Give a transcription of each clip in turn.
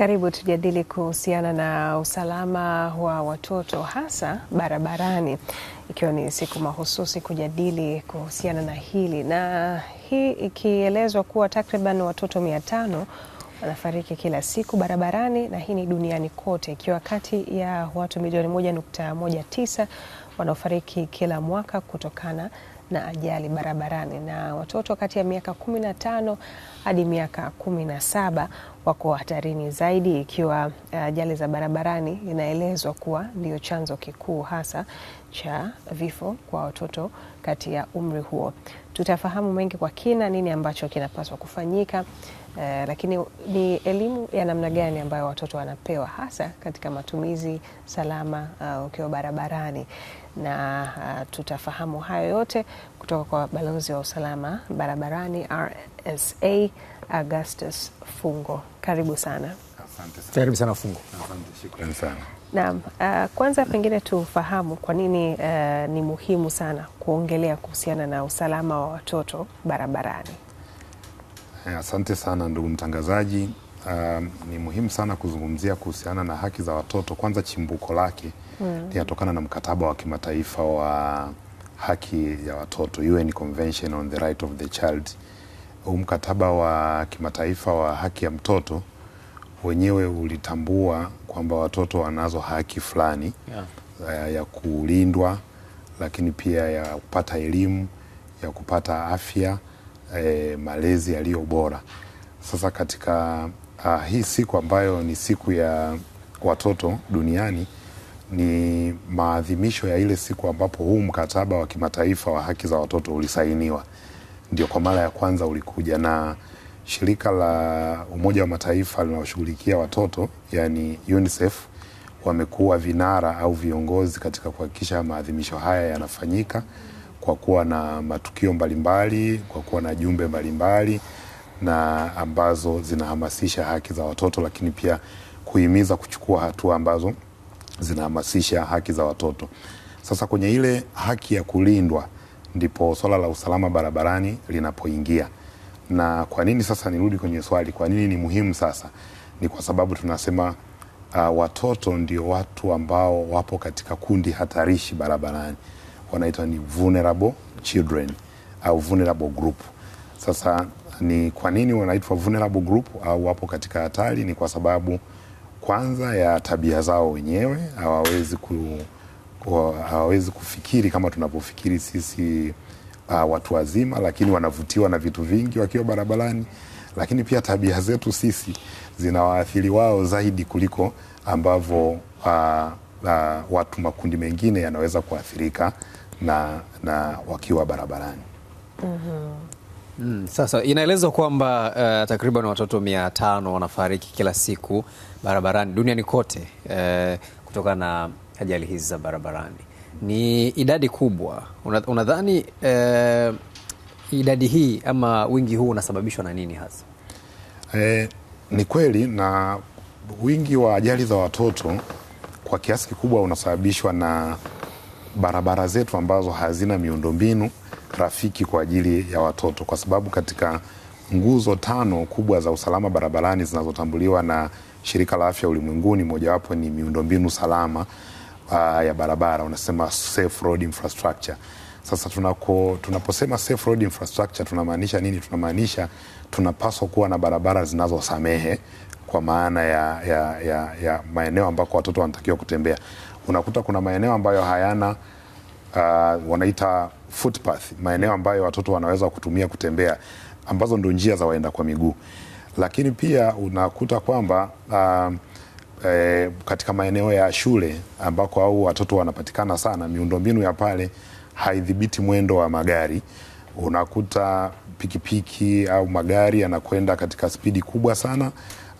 Karibu tujadili kuhusiana na usalama wa watoto hasa barabarani, ikiwa ni siku mahususi kujadili kuhusiana na hili, na hii ikielezwa kuwa takriban watoto mia tano wanafariki kila siku barabarani, na hii ni duniani kote, ikiwa kati ya watu milioni moja nukta moja tisa wanaofariki kila mwaka kutokana na ajali barabarani, na watoto kati ya miaka kumi na tano hadi miaka kumi na saba wako hatarini zaidi, ikiwa eh, ajali za barabarani inaelezwa kuwa ndio chanzo kikuu hasa cha vifo kwa watoto kati ya umri huo. Tutafahamu mengi kwa kina, nini ambacho kinapaswa kufanyika Eh, lakini ni elimu ya namna gani ambayo watoto wanapewa hasa katika matumizi salama uh, ukiwa barabarani na uh, tutafahamu hayo yote kutoka kwa balozi wa usalama barabarani RSA Augustus Fungo. Karibu sana. Karibu sana Fungo. Shukrani sana. Naam, uh, kwanza pengine tufahamu kwa nini uh, ni muhimu sana kuongelea kuhusiana na usalama wa watoto barabarani. Eh, asante sana ndugu mtangazaji. Uh, ni muhimu sana kuzungumzia kuhusiana na haki za watoto. Kwanza chimbuko lake mm. linatokana mm. na mkataba wa kimataifa wa haki ya watoto, UN Convention on the Right of the Child. Huu mkataba wa kimataifa wa haki ya mtoto wenyewe ulitambua kwamba watoto wanazo haki fulani yeah. uh, ya kulindwa, lakini pia ya kupata elimu, ya kupata afya e, malezi yaliyo bora. Sasa katika a, ah, hii siku ambayo ni siku ya watoto duniani ni maadhimisho ya ile siku ambapo huu mkataba wa kimataifa wa haki za watoto ulisainiwa, ndio kwa mara ya kwanza ulikuja, na shirika la Umoja wa Mataifa linaloshughulikia watoto yani UNICEF wamekuwa vinara au viongozi katika kuhakikisha maadhimisho haya yanafanyika kwa kuwa na matukio mbalimbali, kwa kuwa na jumbe mbalimbali na ambazo zinahamasisha haki za watoto, lakini pia kuhimiza kuchukua hatua ambazo zinahamasisha haki za watoto. Sasa kwenye ile haki ya kulindwa ndipo swala la usalama barabarani linapoingia. Na kwa nini sasa, nirudi kwenye swali, kwa nini ni muhimu sasa? Ni kwa sababu tunasema uh, watoto ndio watu ambao wapo katika kundi hatarishi barabarani wanaitwa ni vulnerable children au vulnerable group. Sasa ni kwa nini wanaitwa vulnerable group au wapo katika hatari? Ni kwa sababu kwanza ya tabia zao wenyewe, hawawezi ku, hawawezi kufikiri kama tunavyofikiri sisi uh, watu wazima, lakini wanavutiwa na vitu vingi wakiwa barabarani, lakini pia tabia zetu sisi zinawaathiri wao zaidi kuliko ambavyo uh, uh, watu makundi mengine yanaweza kuathirika na, na wakiwa barabarani. mm -hmm. Mm, sasa inaelezwa kwamba uh, takriban watoto mia tano wanafariki kila siku barabarani duniani kote uh, kutokana na ajali hizi za barabarani. Ni idadi kubwa. Unadhani una uh, idadi hii ama wingi huu unasababishwa na nini hasa? Eh, ni kweli na wingi wa ajali za watoto kwa kiasi kikubwa unasababishwa na barabara zetu ambazo hazina miundombinu rafiki kwa ajili ya watoto, kwa sababu katika nguzo tano kubwa za usalama barabarani zinazotambuliwa na Shirika la Afya Ulimwenguni, mojawapo ni miundombinu salama uh, ya barabara, unasema safe road infrastructure. Sasa tunako, tunaposema safe road infrastructure tunamaanisha nini? Tunamaanisha tunapaswa kuwa na barabara zinazosamehe kwa maana ya, ya, ya, ya maeneo ambako watoto wanatakiwa kutembea unakuta kuna maeneo ambayo hayana uh, wanaita footpath, maeneo ambayo watoto wanaweza kutumia kutembea, ambazo ndio njia za waenda kwa miguu. Lakini pia unakuta kwamba uh, E, katika maeneo ya shule ambako au watoto wanapatikana sana, miundombinu ya pale haidhibiti mwendo wa magari. Unakuta pikipiki au magari yanakwenda katika spidi kubwa sana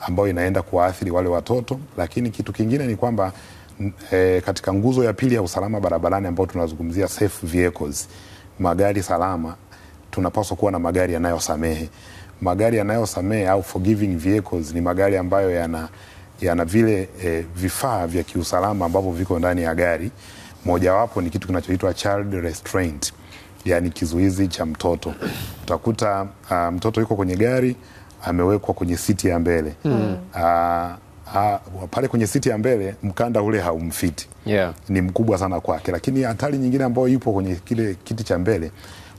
ambayo inaenda kuwaathiri wale watoto. Lakini kitu kingine ni kwamba e, katika nguzo ya pili ya usalama barabarani ambao tunazungumzia safe vehicles, magari salama, tunapaswa kuwa na magari yanayosamehe. Magari yanayosamehe au forgiving vehicles ni magari ambayo yana yana vile e, vifaa vya kiusalama ambavyo viko ndani ya gari. Mojawapo ni kitu kinachoitwa child restraint, yani kizuizi cha mtoto. Utakuta uh, mtoto yuko kwenye gari amewekwa kwenye siti ya mbele mm. uh, uh, pale kwenye siti ya mbele mkanda ule haumfiti yeah. Ni mkubwa sana kwake, lakini hatari nyingine ambayo ipo kwenye kile kiti cha mbele,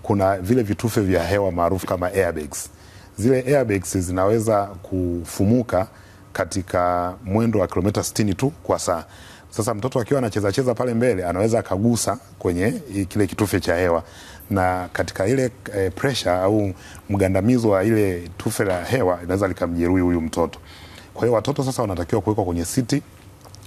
kuna vile vitufe vya hewa maarufu kama airbags. Zile airbags zinaweza kufumuka katika mwendo wa kilomita 60 tu kwa saa. Sasa mtoto akiwa anacheza cheza pale mbele anaweza akagusa kwenye kile kitufe cha hewa, na katika ile e, pressure au mgandamizo wa ile tufe la hewa inaweza likamjeruhi huyu mtoto. Kwa hiyo watoto sasa wanatakiwa kuwekwa kwenye siti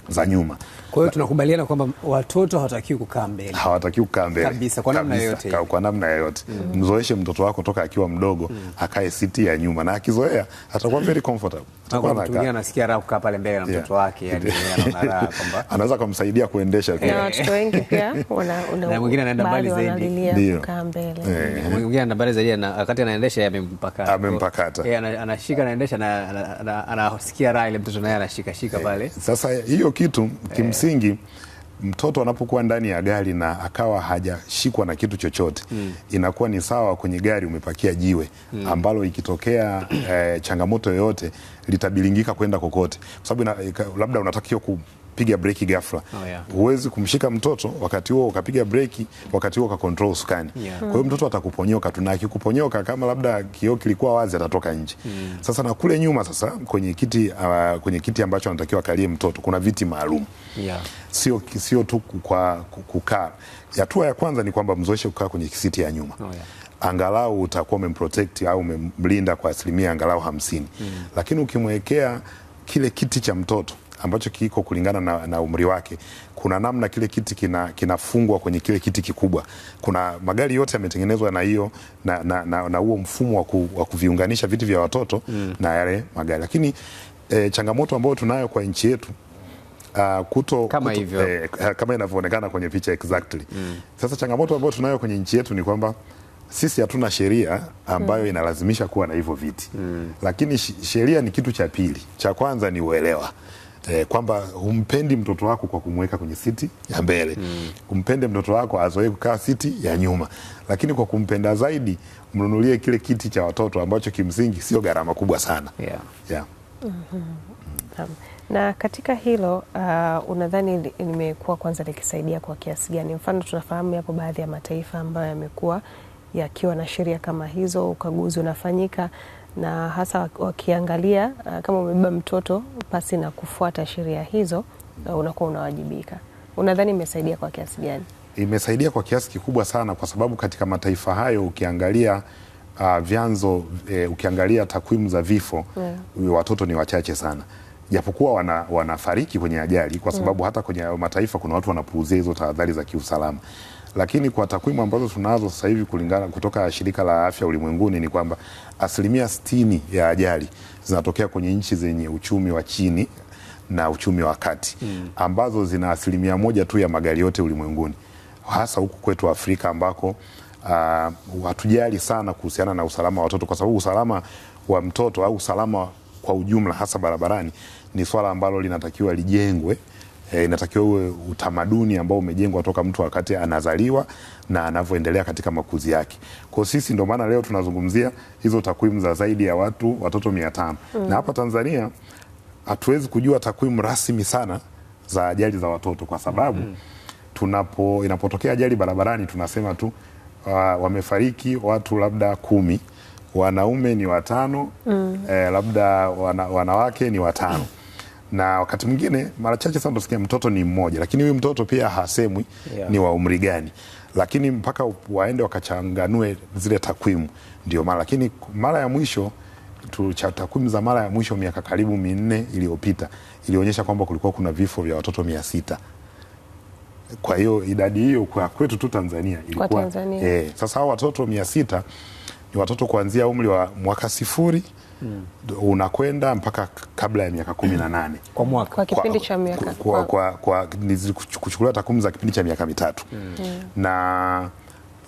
za nyuma. Kwa hiyo tunakubaliana kwamba watoto hawatakiwi kukaa mbele, hawatakiwi kukaa mbele kabisa, kwa namna yoyote, kwa namna yoyote. Mm. Mzoeshe mtoto wako toka akiwa mdogo mm. akae siti ya nyuma, na akizoea atakuwa very comfortable, atakuwa na anakaa, anasikia raha kukaa pale mbele na mtoto wake, yani anaona raha kwamba anaweza kumsaidia kuendesha pia. Na watoto wengi pia una, eh. na mwingine anaenda mbali zaidi, ndio kukaa mbele, mwingine anaenda mbali zaidi, na wakati anaendesha amempakata, amempakata, yeye anashika, anaendesha na anasikia raha, ile mtoto naye anashika shika eh. pale. Sasa hiyo kitu eh. kimsi kimsingi mtoto anapokuwa ndani ya gari na akawa hajashikwa na kitu chochote mm. Inakuwa ni sawa kwenye gari umepakia jiwe mm. ambalo ikitokea eh, changamoto yoyote litabilingika kwenda kokote, kwa sababu eh, labda unatakiwa piga breki ghafla. Oh, yeah. Huwezi kumshika mtoto wakati huo ukapiga breki, wakati huo ukakontrol sukani. Yeah. Kwa hiyo mtoto atakuponyoka tu, na akikuponyoka kama labda kioo kilikuwa wazi atatoka nje. Mm. Sasa na kule nyuma sasa kwenye kiti uh, kwenye kiti ambacho anatakiwa akalie mtoto kuna viti maalum. Yeah. Sio sio tu kwa kukaa. Hatua ya kwanza ni kwamba mzoeshe kukaa kwenye kisiti ya nyuma. Oh, yeah angalau utakuwa umemprotect au umemlinda kwa asilimia angalau hamsini. Mm. Lakini ukimwekea kile kiti cha mtoto ambacho kiko kulingana na, na umri wake. Kuna namna kile kiti kina, kinafungwa kwenye kile kiti kikubwa. Kuna magari yote yametengenezwa na hiyo na, na, na, na huo mfumo wa waku, kuviunganisha viti vya watoto mm. na yale magari, lakini e, changamoto ambayo tunayo kwa nchi yetu Uh, kuto, kama, kuto, eh, eh, kama inavyoonekana kwenye picha exactly. Mm. Sasa changamoto ambayo tunayo kwenye nchi yetu ni kwamba sisi hatuna sheria ambayo mm. inalazimisha kuwa na hivyo viti mm. Lakini sheria ni kitu cha pili, cha kwanza ni uelewa eh, kwamba humpendi mtoto wako kwa kumweka kwenye siti ya mbele mm. Umpende mtoto wako azoee kukaa siti ya nyuma, lakini kwa kumpenda zaidi mnunulie kile kiti cha watoto ambacho kimsingi sio gharama kubwa sana yeah. Yeah. Mm -hmm. Mm. Na katika hilo uh, unadhani limekuwa kwanza likisaidia kwa kiasi gani? Mfano, tunafahamu yapo baadhi ya mataifa ambayo yamekuwa yakiwa na sheria kama hizo, ukaguzi unafanyika na hasa wakiangalia uh, kama umebeba mtoto pasi na kufuata sheria hizo, uh, unakuwa unawajibika. Unadhani imesaidia kwa kiasi gani? Imesaidia kwa kiasi kikubwa sana, kwa sababu katika mataifa hayo ukiangalia uh, vyanzo eh, ukiangalia takwimu za vifo yeah, watoto ni wachache sana japokuwa wana, wanafariki kwenye ajali kwa sababu mm, hata kwenye mataifa kuna watu wanapuuzia hizo tahadhari za kiusalama lakini kwa takwimu ambazo tunazo sasa hivi kulingana kutoka shirika la afya ulimwenguni ni kwamba asilimia sitini ya ajali zinatokea kwenye nchi zenye uchumi wa chini na uchumi wa kati mm. ambazo zina asilimia moja tu ya magari yote ulimwenguni, hasa huku kwetu Afrika ambako uh, hatujali sana kuhusiana na usalama wa watoto, kwa sababu usalama wa mtoto au usalama kwa ujumla hasa barabarani ni swala ambalo linatakiwa lijengwe e, inatakiwa uwe utamaduni ambao umejengwa toka mtu wakati anazaliwa na anavyoendelea katika makuzi yake. Kwa sisi ndio maana leo tunazungumzia hizo takwimu za zaidi ya watu watoto 500. mm. na hapa Tanzania hatuwezi kujua takwimu rasmi sana za ajali za watoto kwa sababu mm -hmm. tunapo inapotokea ajali barabarani tunasema tu uh, wamefariki watu labda kumi wanaume ni watano mm. eh, labda wana, wanawake ni watano na wakati mwingine mara chache sana tunasikia mtoto ni mmoja, lakini huyu mtoto pia hasemwi yeah. ni wa umri gani, lakini mpaka waende wakachanganue zile takwimu ndio mara. Lakini mara ya mwisho cha takwimu za mara ya mwisho miaka karibu minne iliyopita ilionyesha kwamba kulikuwa kuna vifo vya watoto mia sita kwa hiyo idadi hiyo kwa kwetu tu Tanzania ilikuwa kwa Tanzania. Eh, sasa hao watoto mia sita ni watoto kuanzia umri wa mwaka sifuri mm. unakwenda mpaka kabla ya miaka kumi na nane kwa mwaka, kwa kipindi cha miaka kwa, kwa, kwa, kuchukuliwa takwimu za kipindi cha miaka mitatu mm. mm. na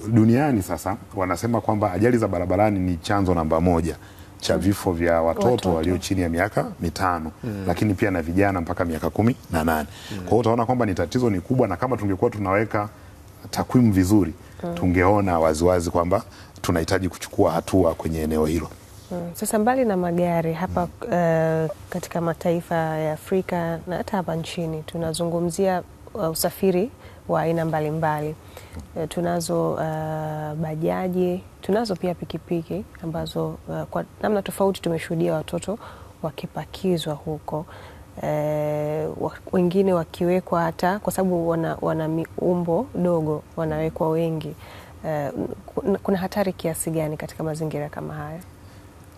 duniani sasa wanasema kwamba ajali za barabarani ni chanzo namba moja cha mm. vifo vya watoto, watoto walio chini ya miaka mitano mm. lakini pia na vijana mpaka miaka kumi na nane mm. kwa hiyo utaona kwamba ni tatizo ni kubwa, na kama tungekuwa tunaweka takwimu vizuri mm. tungeona waziwazi kwamba tunahitaji kuchukua hatua kwenye eneo hilo. Hmm. Sasa mbali na magari hapa uh, katika mataifa ya Afrika na hata hapa nchini tunazungumzia uh, usafiri wa aina mbalimbali uh, eh, tunazo uh, bajaji, tunazo pia pikipiki ambazo uh, kwa namna tofauti tumeshuhudia watoto wakipakizwa huko uh, wengine wakiwekwa hata kwa sababu wana, wana miumbo dogo wanawekwa wengi uh, kuna hatari kiasi gani katika mazingira kama haya?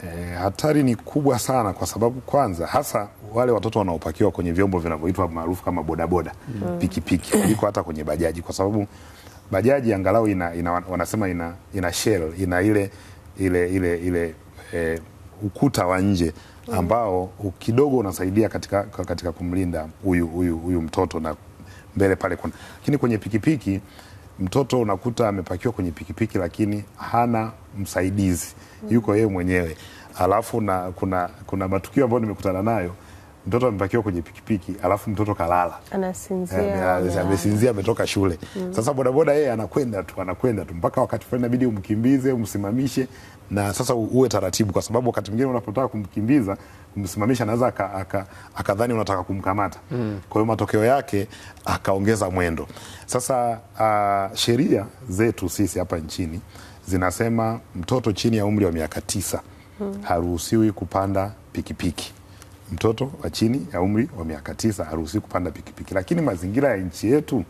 E, hatari ni kubwa sana kwa sababu kwanza, hasa wale watoto wanaopakiwa kwenye vyombo vinavyoitwa maarufu kama bodaboda mm. pikipiki kuliko hata kwenye bajaji, kwa sababu bajaji angalau ina, ina, wanasema ina, ina shell ina ile ile ile, ile e, ukuta wa nje mm. ambao kidogo unasaidia katika, katika kumlinda huyu huyu huyu mtoto na mbele pale kuna, lakini kwenye pikipiki mtoto unakuta amepakiwa kwenye pikipiki lakini hana msaidizi, yuko yeye mwenyewe. Alafu na kuna, kuna matukio ambayo nimekutana nayo mtoto amepakiwa kwenye pikipiki alafu mtoto kalala anasinzia, eh, amesinzia ametoka shule mm. Sasa bodaboda yeye anakwenda tu anakwenda tu mpaka wakati fulani inabidi umkimbize umsimamishe, na sasa uwe taratibu, kwa sababu wakati mwingine unapotaka kumkimbiza kumsimamisha, anaweza akadhani unataka kumkamata mm. Kwa hiyo matokeo yake akaongeza mwendo. Sasa uh, sheria zetu sisi hapa nchini zinasema mtoto chini ya umri wa miaka tisa mm. haruhusiwi kupanda pikipiki piki mtoto wa chini ya umri wa miaka tisa aruhusi kupanda pikipiki, lakini mazingira ya nchi yetu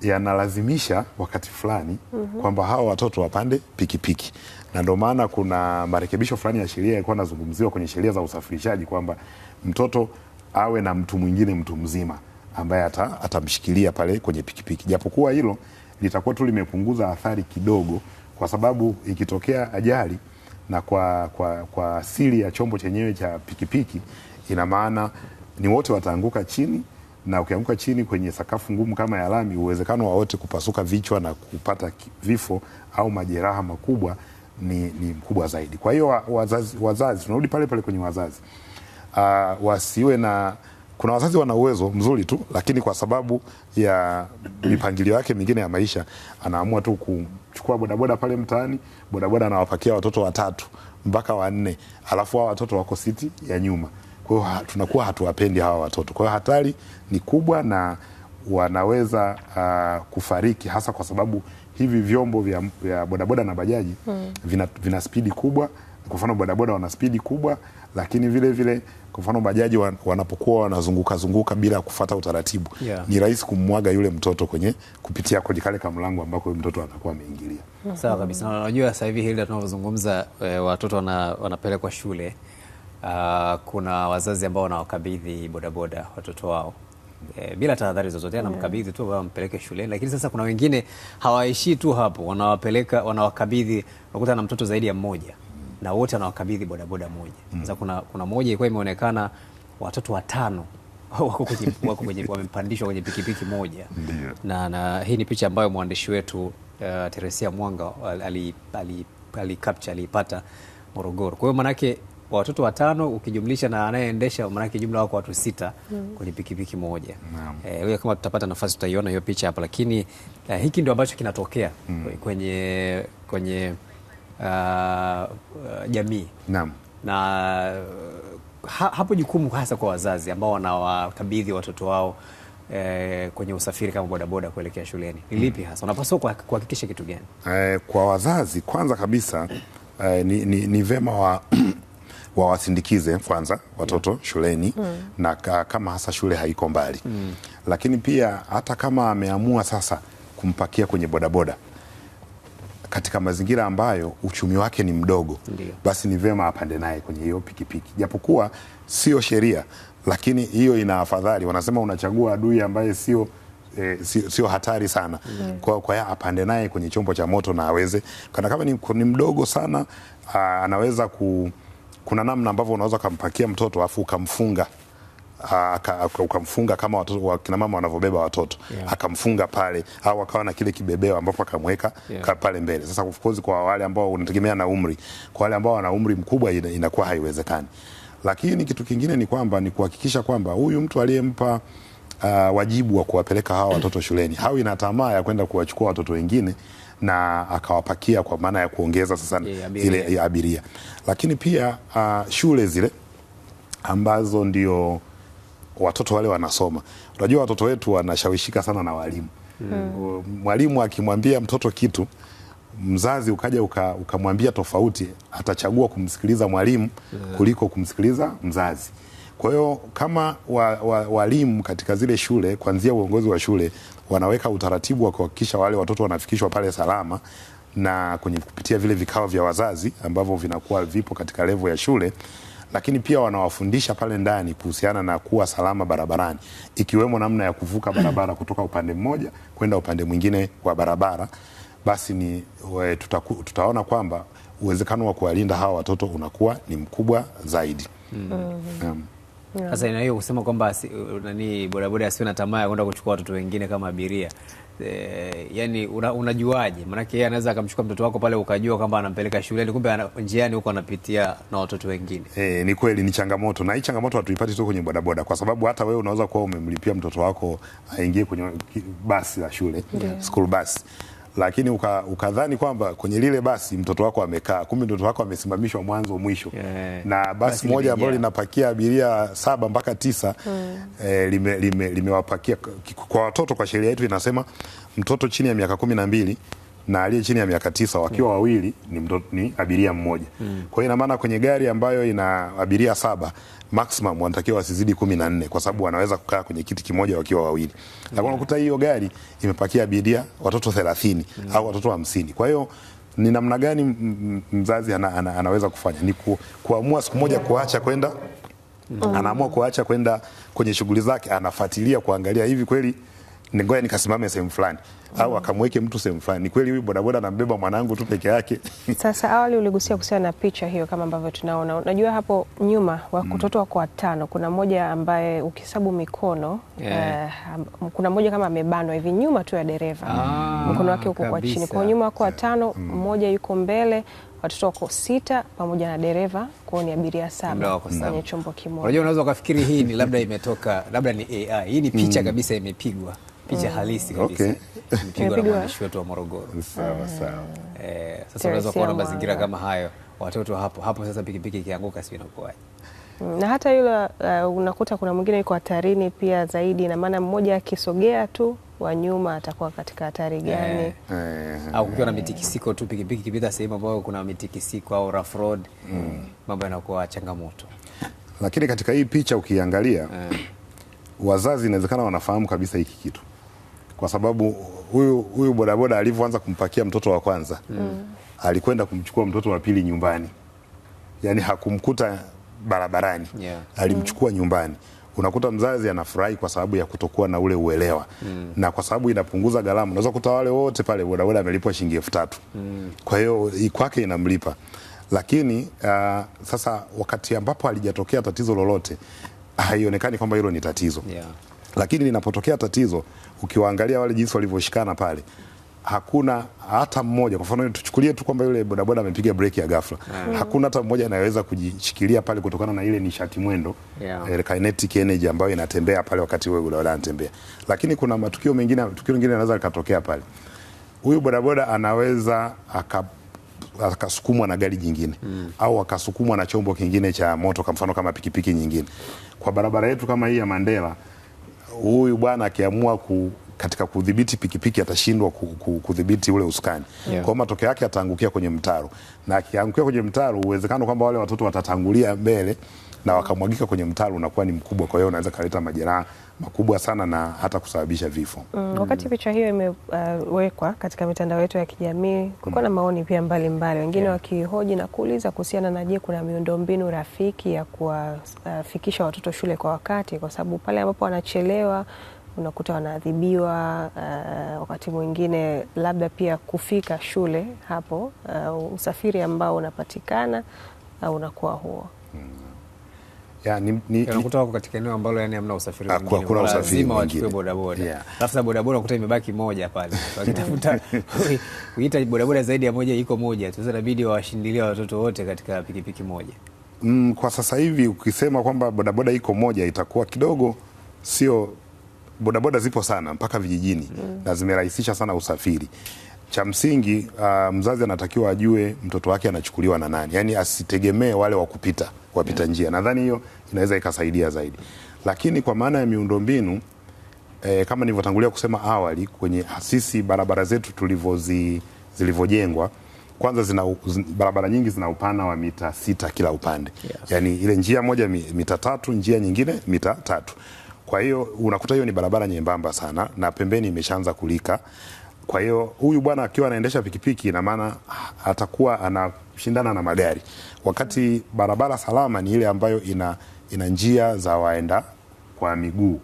yanalazimisha wakati fulani mm -hmm. kwamba hawa watoto wapande pikipiki piki. Na ndio maana kuna marekebisho fulani ya sheria yalikuwa yanazungumziwa kwenye sheria za usafirishaji kwamba mtoto awe na mtu mwingine, mtu mzima ambaye ata, atamshikilia pale kwenye pikipiki, japokuwa hilo litakuwa tu limepunguza athari kidogo, kwa sababu ikitokea ajali na kwa, kwa, kwa asili ya chombo chenyewe cha pikipiki ina maana ni wote wataanguka chini, na ukianguka chini kwenye sakafu ngumu kama ya lami, uwezekano wa wote kupasuka vichwa na kupata vifo au majeraha makubwa ni, ni mkubwa zaidi. Kwa hiyo wazazi, wazazi tunarudi pale pale kwenye wazazi uh, wasiwe na kuna wazazi wana uwezo mzuri tu, lakini kwa sababu ya mipangilio yake mingine ya maisha anaamua tu kuchukua bodaboda pale mtaani, bodaboda anawapakia watoto watatu mpaka wanne, alafu hawa watoto wako siti ya nyuma. Kwa hiyo tunakuwa hatuwapendi hawa watoto. Kwa hiyo hatari ni kubwa na wanaweza uh, kufariki hasa kwa sababu hivi vyombo vya, vya bodaboda na bajaji hmm, vina, vina spidi kubwa. Kwa mfano bodaboda wana spidi kubwa lakini vile vile kwa mfano bajaji wanapokuwa wanazunguka zunguka bila kufata utaratibu yeah. Ni rahisi kummwaga yule mtoto kwenye kupitia kwenye kale kamlango ambako yule mtoto anakuwa ameingilia. Sawa kabisa, na unajua sasa hivi hili tunavyozungumza e, watoto wana, wanapelekwa shule uh, kuna wazazi ambao wanawakabidhi bodaboda watoto wao e, bila tahadhari zozote anamkabidhi tu wampeleke shule, lakini sasa kuna wengine hawaishii tu hapo, wanawapeleka wanawakabidhi, unakuta na mtoto zaidi ya mmoja na wote anawakabidhi bodaboda moja. Hmm. Sasa mm. kuna, kuna moja ilikuwa imeonekana watoto watano wamepandishwa kwenye pikipiki moja na, na hii ni picha ambayo mwandishi wetu uh, Teresia Mwanga ali, ali, ali capture aliipata Morogoro. Kwa hiyo manake watoto watano ukijumlisha na anayeendesha manake jumla wako watu sita mm. kwenye pikipiki moja mm. E, kama tutapata nafasi tutaiona hiyo picha hapa, lakini uh, hiki ndio ambacho kinatokea mm. kwenye, kwenye Uh, jamii. Naam. Na uh, ha, hapo jukumu hasa kwa wazazi ambao wanawakabidhi watoto wao eh, kwenye usafiri kama bodaboda kuelekea shuleni ni lipi hasa unapaswa kuhakikisha kitu gani? Eh, kwa wazazi kwanza kabisa eh, ni, ni, ni vema wa wawasindikize kwanza watoto yeah, mm. shuleni mm, na kama hasa shule haiko mbali mm, lakini pia hata kama ameamua sasa kumpakia kwenye bodaboda katika mazingira ambayo uchumi wake ni mdogo Ndiyo. basi ni vema apande naye kwenye hiyo pikipiki, japokuwa sio sheria, lakini hiyo ina afadhali. Wanasema unachagua adui ambaye sio E, sio, sio hatari sana mm. Kwa, kwa ya apande naye kwenye chombo cha moto na aweze kana kama ni, ni mdogo sana a, anaweza ku, kuna namna ambavyo unaweza ukampakia mtoto afu ukamfunga ukamfunga kama watoto kina mama wanavyobeba watoto yeah. akamfunga pale au akawa na kile kibebeo ambapo akamweka yeah. pale mbele. Sasa of course kwa wale ambao unategemea na umri, kwa wale ambao wana umri mkubwa inakuwa haiwezekani, lakini kitu kingine ni kwamba ni kuhakikisha kwamba huyu mtu aliyempa uh, wajibu wa kuwapeleka hawa watoto shuleni hawi na tamaa ya kwenda kuwachukua watoto wengine na akawapakia kwa maana ya kuongeza sasa yeah, ile abiria, lakini pia uh, shule zile ambazo ndio watoto wale wanasoma. Unajua watoto wetu wanashawishika sana na walimu. Mm. Mwalimu akimwambia mtoto kitu mzazi ukaja ukamwambia uka tofauti, atachagua kumsikiliza mwalimu kuliko kumsikiliza mzazi. Kwa hiyo kama walimu wa, walimu katika zile shule kuanzia uongozi wa shule wanaweka utaratibu wa kuhakikisha wale watoto wanafikishwa pale salama na kwenye kupitia vile vikao vya wazazi ambavyo vinakuwa vipo katika levo ya shule lakini pia wanawafundisha pale ndani kuhusiana na kuwa salama barabarani, ikiwemo namna ya kuvuka barabara kutoka upande mmoja kwenda upande mwingine wa barabara, basi ni we, tutaku, tutaona kwamba uwezekano wa kuwalinda hawa watoto unakuwa ni mkubwa zaidi. Mm. Um. Sasa yeah. Ina hiyo kusema kwamba nani bodaboda asiwe na tamaa ya kwenda kuchukua watoto wengine kama abiria e, yani una, unajuaje? Maanake yeye anaweza akamchukua mtoto wako pale ukajua kwamba anampeleka shuleni, kumbe njiani huko anapitia na watoto wengine. E, ni kweli ni changamoto, na hii changamoto hatuipati tu kwenye bodaboda, kwa sababu hata wewe unaweza kuwa umemlipia mtoto wako aingie kwenye basi la shule yeah, school bus lakini ukadhani uka kwamba kwenye lile basi mtoto wako amekaa, kumbe mtoto wako amesimamishwa mwanzo mwisho yeah. na basi, basi moja ambalo linapakia abiria saba mpaka tisa mm. eh, limewapakia lime, lime kwa watoto, kwa sheria yetu inasema mtoto chini ya miaka kumi na mbili na aliye chini ya miaka tisa wakiwa mm. wawili ni, mdo, ni abiria mmoja mm. Kwa hiyo ina maana kwenye gari ambayo ina abiria saba maximum wanatakiwa wasizidi kumi na nne kwa sababu wanaweza kukaa kwenye kiti kimoja wakiwa wawili, lakini mm. Unakuta hiyo gari imepakia abiria watoto thelathini mm. au watoto hamsini kwa hiyo ni namna gani mzazi ana, ana, anaweza kufanya ni ku, kuamua siku moja kuacha kwenda mm. Anaamua kuacha kwenda kwenye shughuli zake, anafuatilia kuangalia hivi kweli ngoja nikasimame sehemu fulani mm. au akamweke mtu sehemu fulani. Ni kweli huyu bodaboda anambeba mwanangu tu peke yake. Sasa awali uligusia kuhusiana na picha hiyo kama ambavyo tunaona, unajua hapo nyuma watoto mm. wako watano, kuna mmoja ambaye ukihesabu mikono yeah. uh, eh, kuna mmoja kama amebanwa hivi nyuma tu ya dereva ah, mkono wake uko kwa chini, kwa nyuma wako mm. watano, mm. mmoja yuko mbele watoto wako sita pamoja na dereva, kwao ni abiria saba kwenye chombo kimoja. Unajua, unaweza ukafikiri hii ni labda imetoka labda ni AI. Hii ni picha mm. kabisa imepigwa picha mm. halisi kabisa. Okay. Mpigwa na mwandishi wetu wa Morogoro. Sawa ah. sawa. Eh, sasa unaweza kuona mazingira kama hayo, watoto hapo hapo, sasa pikipiki ikianguka, si inakuwaje? Mm, na hata yule uh, unakuta kuna mwingine yuko hatarini pia zaidi, na maana mmoja akisogea tu wa nyuma atakuwa katika hatari eh. gani? yeah. au kukiwa na mitikisiko tu, pikipiki ikipita sehemu ambayo kuna mitikisiko au rough road, mm. mambo mm. yanakuwa changamoto. Lakini katika hii picha ukiangalia, yeah. wazazi inawezekana wanafahamu kabisa hiki kitu kwa sababu huyu huyu bodaboda alivyoanza kumpakia mtoto wa kwanza mm. alikwenda kumchukua mtoto wa pili nyumbani, yani hakumkuta barabarani yeah. alimchukua mm. nyumbani. Unakuta mzazi anafurahi kwa sababu ya kutokuwa na ule uelewa mm. na kwa sababu inapunguza gharama. Unaweza kuta wale wote pale bodaboda amelipwa shilingi elfu tatu mm. kwa hiyo kwake inamlipa, lakini uh, sasa wakati ambapo halijatokea tatizo lolote haionekani kwamba hilo ni tatizo yeah. Lakini linapotokea tatizo, ukiwaangalia wale jinsi walivyoshikana pale hakuna hata mmoja. Kwa mfano tuchukulie tu kwamba yule bodaboda amepiga breki ya ghafla mm. hakuna hata mmoja anayeweza kujishikilia pale kutokana na ile nishati mwendo yeah. eh, kinetic energy ambayo inatembea pale wakati wewe bodaboda anatembea. Lakini kuna matukio mengine, tukio lingine linaweza likatokea pale, huyu bodaboda anaweza aka akasukumwa na gari jingine mm. au akasukumwa na chombo kingine cha moto, kwa mfano kama pikipiki nyingine. Kwa barabara yetu kama hii ya Mandela huyu bwana akiamua ku, katika kudhibiti pikipiki atashindwa kudhibiti ule usukani yeah. Kwa hiyo matokeo yake ataangukia kwenye mtaro, na akiangukia kwenye mtaro, uwezekano kwamba wale watoto watatangulia mbele na wakamwagika kwenye mtaro unakuwa ni mkubwa, kwa hiyo unaweza kaleta majeraha makubwa sana na hata kusababisha vifo. Mm, wakati mm. picha hiyo imewekwa uh, katika mitandao yetu ya kijamii kulikuwa na mm. maoni pia mbalimbali, wengine yeah, wakihoji na kuuliza kuhusiana na je, kuna miundombinu rafiki ya kuwafikisha uh, watoto shule kwa wakati, kwa sababu pale ambapo wanachelewa unakuta wanaadhibiwa uh, wakati mwingine labda pia kufika shule hapo uh, usafiri ambao unapatikana uh, unakuwa huo mm katika eneo ambalo yani hamna usafiri ah, mwingine, usafiri mwingine, yeah. Alafu imebaki moja pale, wakitafuta kuita zaidi ya moja, iko moja watoto wote katika pikipiki moja. Mm, kwa sasa hivi ukisema kwamba bodaboda iko moja itakuwa kidogo sio bodaboda zipo sana mpaka vijijini mm, na zimerahisisha sana usafiri cha msingi uh, mzazi anatakiwa ajue mtoto wake anachukuliwa na nani, yani asitegemee wale wakupita wapita yeah. njia. Nadhani hiyo inaweza ikasaidia zaidi, lakini kwa maana ya miundombinu eh, kama nilivyotangulia kusema awali kwenye asisi barabara zetu tulivozi zilivyojengwa kwanza zina, zin, barabara nyingi zina upana wa mita sita kila upande yes. Yani ile njia moja mita tatu, njia nyingine mita tatu. Kwa hiyo unakuta hiyo ni barabara nyembamba sana na pembeni imeshaanza kulika kwa hiyo huyu bwana akiwa anaendesha pikipiki, ina maana atakuwa anashindana na magari, wakati barabara salama ni ile ambayo ina, ina njia za waenda kwa miguu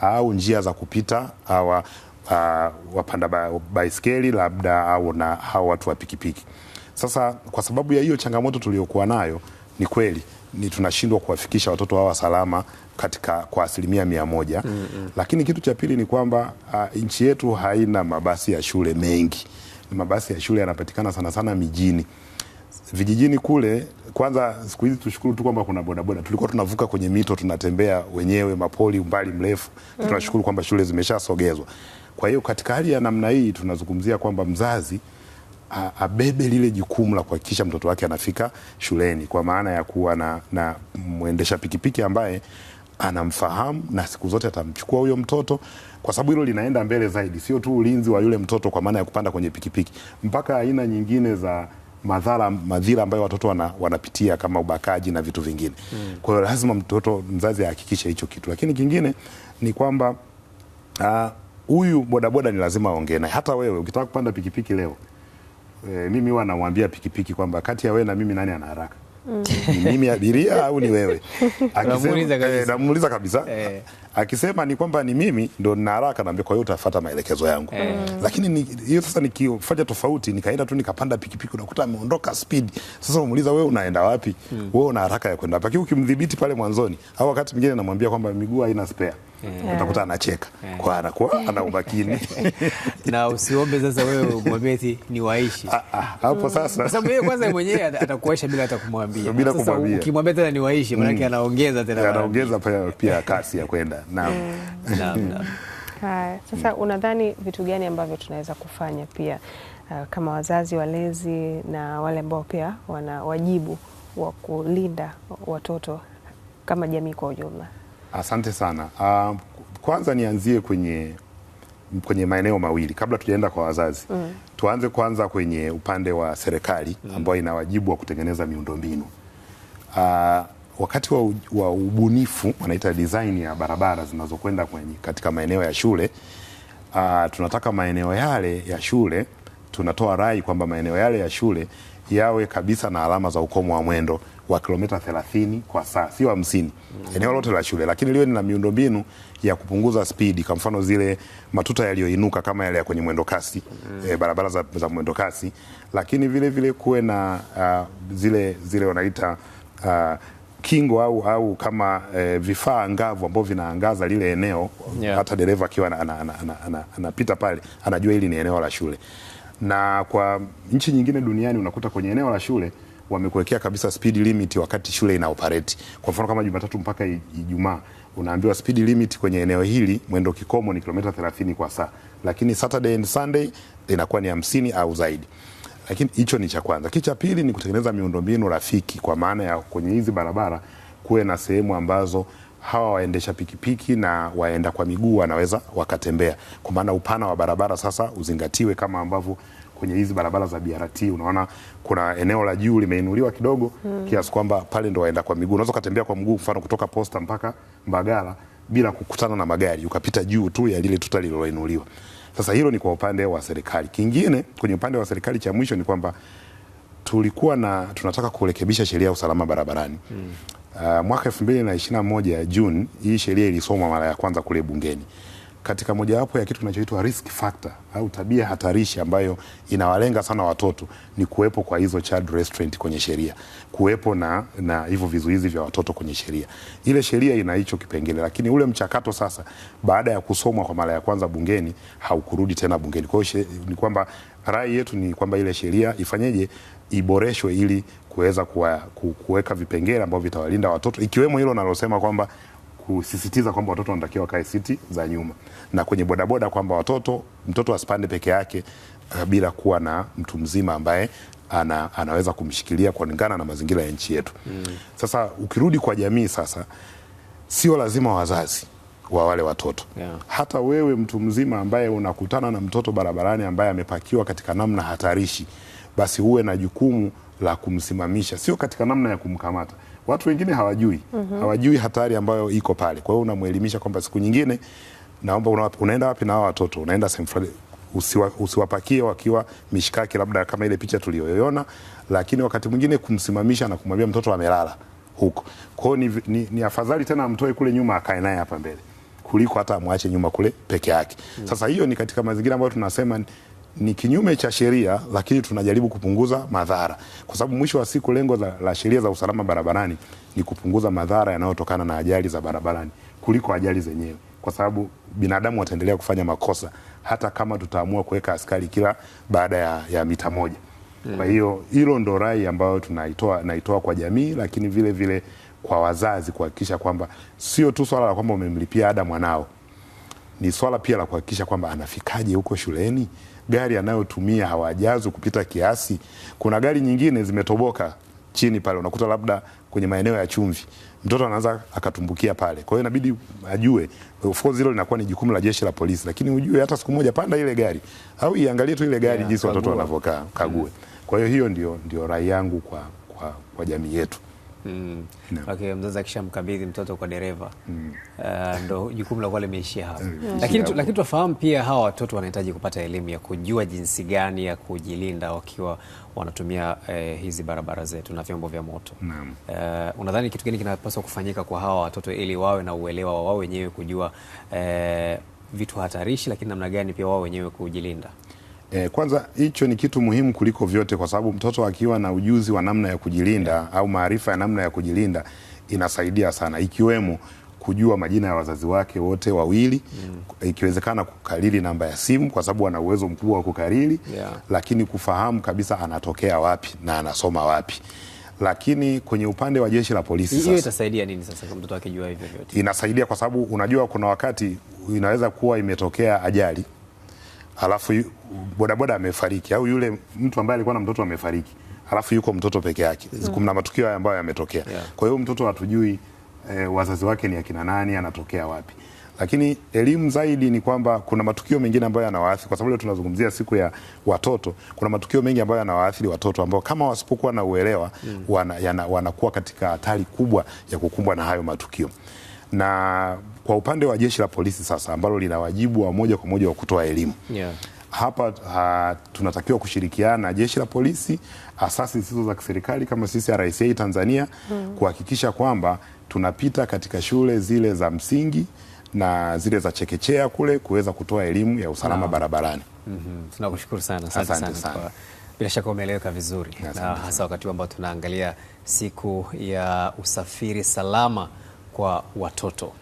au njia za kupita awa uh, wapanda baiskeli labda au na hawa watu wa pikipiki. Sasa kwa sababu ya hiyo changamoto tuliyokuwa nayo, ni kweli ni tunashindwa kuwafikisha watoto hawa salama katika kwa asilimia mia moja mm -hmm. Lakini kitu cha pili ni kwamba uh, nchi yetu haina mabasi ya shule mengi. Mabasi ya shule yanapatikana sana sana mijini, vijijini kule. Kwanza siku hizi tushukuru tu kwamba kuna bodaboda, tulikuwa tunavuka kwenye mito tunatembea wenyewe mapoli umbali mrefu mm -hmm. Tunashukuru kwamba shule zimeshasogezwa. Kwa hiyo katika hali ya namna hii tunazungumzia kwamba mzazi abebe lile jukumu la kuhakikisha mtoto wake anafika shuleni, kwa maana ya kuwa na, na mwendesha pikipiki ambaye anamfahamu na siku zote atamchukua huyo mtoto, kwa sababu hilo linaenda mbele zaidi, sio tu ulinzi wa yule mtoto kwa maana ya kupanda kwenye pikipiki, mpaka aina nyingine za madhara madhila ambayo watoto wana, wanapitia kama ubakaji na vitu vingine hmm. Kwa hiyo lazima mtoto mzazi ahakikishe hicho kitu, lakini kingine ni kwamba huyu uh, bodaboda ni lazima aongee naye. Hata wewe ukitaka kupanda pikipiki leo e, mimi huwa namwambia pikipiki kwamba kati ya wewe na mimi nani ana haraka mm. ni mimi abiria au ni wewe? Eh, namuuliza kabisa eh. Akisema ni kwamba ni mimi ndo nina haraka, naambia kwa hiyo utafuata maelekezo yangu eh. Lakini hiyo sasa nikifanya tofauti, nikaenda tu nikapanda pikipiki, unakuta ameondoka speed. Sasa umuuliza wewe unaenda wapi? mm. Wewe una haraka ya kwenda wapi? Ukimdhibiti pale mwanzoni, au wakati mwingine namwambia kwamba miguu haina spare yeah. utakuta anacheka yeah. kwa anakuwa ana umakini na usiombe sasa wewe umwambie ni waishi ah, ah, hapo mm. sasa, sababu yeye kwanza mwenyewe atakuaisha bila hata kumwambia. Bila kumwambia, ukimwambia tena ni waishi, maana mm. anaongeza tena, anaongeza pia kasi ya kwenda. Naam, eh. naam, Haya, sasa mm. unadhani vitu gani ambavyo tunaweza kufanya pia uh, kama wazazi walezi na wale ambao pia wana wajibu wa kulinda watoto kama jamii kwa ujumla? Asante sana. Uh, kwanza nianzie kwenye, kwenye maeneo mawili kabla tujaenda kwa wazazi mm. Tuanze kwanza kwenye upande wa serikali mm. ambayo ina wajibu wa kutengeneza miundombinu uh, wakati wa, wa ubunifu wanaita design ya barabara zinazokwenda kwenye katika maeneo ya shule uh, tunataka maeneo yale ya shule, tunatoa rai kwamba maeneo yale ya shule yawe kabisa na alama za ukomo wa mwendo wa kilomita 30 kwa saa, sio 50 mm eneo lote la shule, lakini liwe na miundombinu ya kupunguza spidi, kwa mfano zile matuta yaliyoinuka kama yale ya kwenye mwendokasi mm -hmm. e, barabara za, za mwendokasi, lakini vile vile kuwe na uh, zile zile wanaita uh, kingo au, au kama eh, vifaa angavu ambavyo vinaangaza lile eneo yeah. Hata dereva akiwa anapita ana, ana, ana, ana pale anajua hili ni eneo la shule, na kwa nchi nyingine duniani unakuta kwenye eneo la shule wamekuwekea kabisa speed limit wakati shule ina operate. Kwa mfano kama Jumatatu mpaka Ijumaa unaambiwa speed limit kwenye eneo hili mwendo kikomo ni kilomita 30 kwa saa, lakini Saturday and Sunday inakuwa ni hamsini au zaidi. Lakini hicho ni cha kwanza. Kitu cha pili ni kutengeneza miundombinu rafiki, kwa maana ya kwenye hizi barabara kuwe na sehemu ambazo hawa waendesha pikipiki na waenda kwa miguu wanaweza wakatembea, kwa maana upana wa barabara sasa uzingatiwe kama ambavyo kwenye hizi barabara za BRT unaona kuna eneo la juu limeinuliwa kidogo mm. kiasi kwamba pale ndo waenda kwa miguu, unaweza ukatembea kwa mguu, mfano kutoka Posta mpaka Mbagala bila kukutana na magari, ukapita juu tu ya lile tuta lililoinuliwa. Sasa hilo ni kwa upande wa serikali. Kingine kwenye upande wa serikali, cha mwisho ni kwamba tulikuwa na tunataka kurekebisha sheria ya usalama barabarani mm. Uh, mwaka 2021 Juni hii sheria ilisomwa mara ya kwanza kule bungeni katika mojawapo ya kitu kinachoitwa risk factor au tabia hatarishi ambayo inawalenga sana watoto ni kuwepo kwa hizo child restraint kwenye sheria, kuwepo na, na hivyo vizuizi vya watoto kwenye sheria. Ile sheria ina hicho kipengele, lakini ule mchakato sasa, baada ya kusomwa kwa mara ya kwanza bungeni, haukurudi tena bungeni. Kwa hiyo ni kwamba rai yetu ni kwamba ile sheria ifanyeje, iboreshwe ili kuweza kuweka vipengele ambavyo vitawalinda watoto, ikiwemo hilo nalosema kwamba kusisitiza kwamba watoto wanatakiwa wakae siti za nyuma, na kwenye bodaboda kwamba watoto mtoto asipande peke yake eh, bila kuwa na mtu mzima ambaye ana, anaweza kumshikilia kulingana na mazingira ya nchi yetu mm. Sasa ukirudi kwa jamii sasa, sio lazima wazazi wa wale watoto yeah. Hata wewe mtu mzima ambaye unakutana na mtoto barabarani ambaye amepakiwa katika namna hatarishi, basi uwe na jukumu la kumsimamisha, sio katika namna ya kumkamata, watu wengine hawajui mm -hmm. hawajui hatari ambayo iko pale. Kwa hiyo unamwelimisha kwamba siku nyingine, naomba una, unaenda wapi na hao watoto, unaenda sehemu fulani usiwa, usiwapakie wakiwa mishikaki, labda kama ile picha tuliyoiona, lakini wakati mwingine kumsimamisha na kumwambia mtoto amelala huko. Kwa hiyo ni, ni, ni afadhali tena amtoe kule nyuma akae naye hapa mbele kuliko hata amwache nyuma kule peke yake. Mm. Sasa hiyo ni katika mazingira ambayo tunasema ni kinyume cha sheria, lakini tunajaribu kupunguza madhara, kwa sababu mwisho wa siku lengo la, la sheria za usalama barabarani ni kupunguza madhara yanayotokana na ajali za barabarani kuliko ajali zenyewe, kwa sababu binadamu wataendelea kufanya makosa hata kama tutaamua kuweka askari kila baada ya, ya mita moja. Hmm. Kwa hiyo hilo ndo rai ambayo tunaitoa naitoa kwa jamii, lakini vile vile kwa wazazi kuhakikisha kwamba sio tu swala la kwamba umemlipia ada mwanao, ni swala pia la kuhakikisha kwamba anafikaje huko shuleni gari anayotumia hawajazi kupita kiasi. Kuna gari nyingine zimetoboka chini pale, unakuta labda kwenye maeneo ya chumvi, mtoto anaanza akatumbukia pale. Kwa hiyo inabidi ajue, of course hilo linakuwa ni jukumu la jeshi la polisi, lakini ujue hata siku moja panda ile gari au iangalie tu ile gari yeah, jinsi watoto wanavyokaa kague. Mm. Kwa hiyo hiyo ndio, ndio rai yangu kwa, kwa, kwa jamii yetu. Mm. No. Okay, mzazi akishamkabidhi mtoto kwa dereva mm. Uh, ndo jukumu la limeishia hapo mm. Lakini lakini tunafahamu pia hawa watoto wanahitaji kupata elimu ya kujua jinsi gani ya kujilinda wakiwa wanatumia eh, hizi barabara zetu na vyombo vya moto no. Uh, eh, unadhani kitu gani kinapaswa kufanyika kwa hawa watoto ili wawe na uelewa wa wao wenyewe kujua eh, vitu hatarishi, lakini namna gani pia wao wenyewe kujilinda? E, kwanza hicho ni kitu muhimu kuliko vyote, kwa sababu mtoto akiwa na ujuzi wa namna ya kujilinda yeah, au maarifa ya namna ya kujilinda inasaidia sana, ikiwemo kujua majina ya wazazi wake wote wawili mm, ikiwezekana kukariri namba ya simu kwa sababu ana uwezo mkubwa wa kukariri yeah, lakini kufahamu kabisa anatokea wapi na anasoma wapi lakini kwenye upande wa jeshi la polisi sasa, hiyo itasaidia nini sasa kwa mtoto akijua hivyo vyote? Inasaidia kwa sababu unajua, kuna wakati inaweza kuwa imetokea ajali alafu bodaboda amefariki au yule mtu ambaye alikuwa na mtoto amefariki, alafu yuko mtoto peke yake. Mm. Kuna matukio haya ambayo yametokea, yeah. Kwa hiyo mtoto hatujui e, wazazi wake ni akina nani, anatokea wapi. Lakini elimu zaidi ni kwamba kuna matukio mengine ambayo yanawaathiri, kwa sababu tunazungumzia siku ya watoto. Kuna matukio mengi ambayo yanawaathiri watoto ambao kama wasipokuwa na uelewa mm. wanakuwa wana katika hatari kubwa ya kukumbwa na hayo matukio na kwa upande wa jeshi la polisi sasa ambalo lina wajibu wa moja kwa moja wa kutoa elimu yeah. Hapa uh, tunatakiwa kushirikiana na jeshi la polisi, asasi zisizo za kiserikali kama sisi RCA Tanzania mm. kuhakikisha kwamba tunapita katika shule zile za msingi na zile za chekechea kule kuweza kutoa elimu ya usalama no. barabarani. mm -hmm. Tunakushukuru sana, asante sana, sana. Bila shaka umeeleweka vizuri na hasa wakati ambao tunaangalia siku ya usafiri salama kwa watoto.